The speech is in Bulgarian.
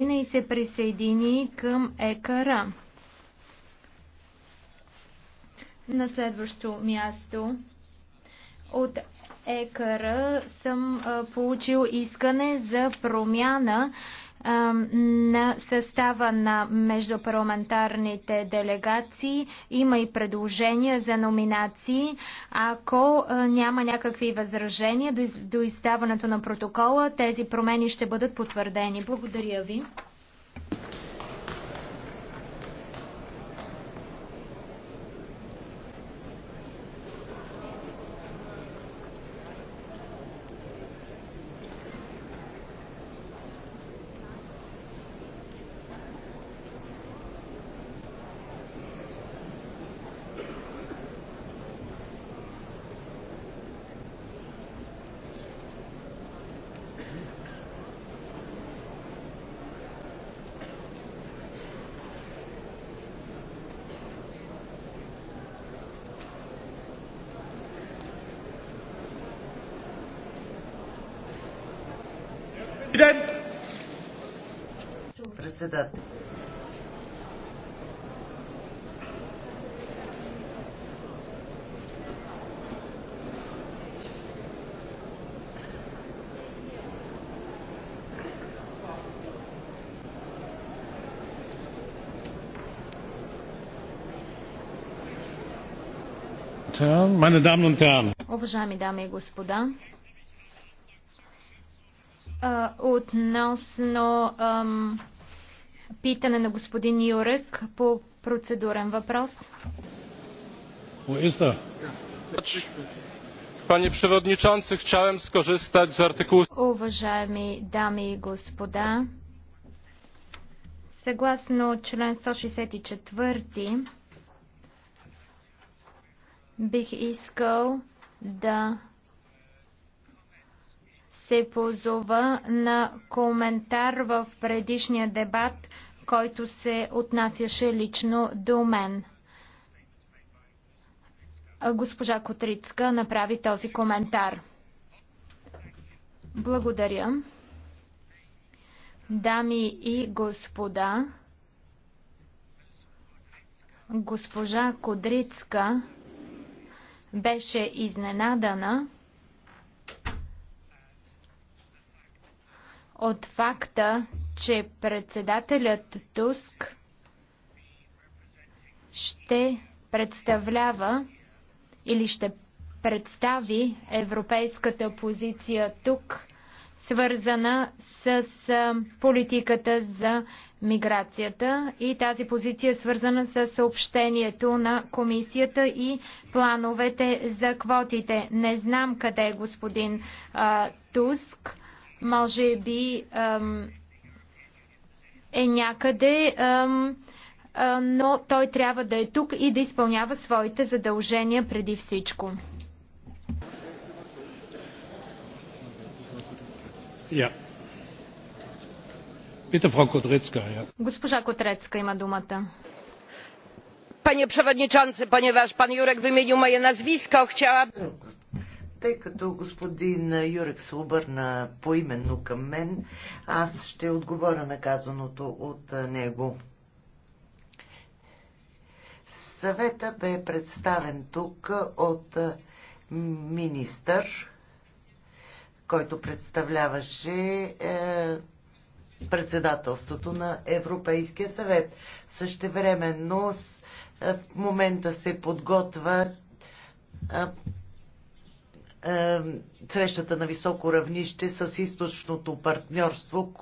и се присъедини към ЕКР. На следващо място от ЕКР съм получил искане за промяна на състава на междупарламентарните делегации. Има и предложения за номинации. Ако няма някакви възражения до издаването на протокола, тези промени ще бъдат потвърдени. Благодаря ви. Председател. Уважаеми дами и господа, относно ам, питане на господин Юрек по процедурен въпрос. Пане przewodniczący, chciałem skorzystać z artykułu. Уважаеми дами и господа, съгласно член 164 бих искал да се позова на коментар в предишния дебат, който се отнасяше лично до мен. Госпожа Котрицка направи този коментар. Благодаря. Дами и господа, госпожа Кодрицка беше изненадана от факта, че председателят Туск ще представлява или ще представи европейската позиция тук, свързана с политиката за миграцията и тази позиция е свързана с съобщението на комисията и плановете за квотите. Не знам къде е господин а, Туск може би ам, е някъде, ам, а, но той трябва да е тук и да изпълнява своите задължения преди всичко. Yeah. Bitte, Frau Kotrecka, ja. Госпожа Котрецка има думата panie przewodniczący ponieważ pan jurek wymienił moje nazwisko chciałabym тъй като господин Юрек се обърна поименно към мен, аз ще отговоря на казаното от него. Съвета бе представен тук от министър, който представляваше е, председателството на Европейския съвет. Същевременно е, в момента се подготва е, срещата на високо равнище с източното партньорство,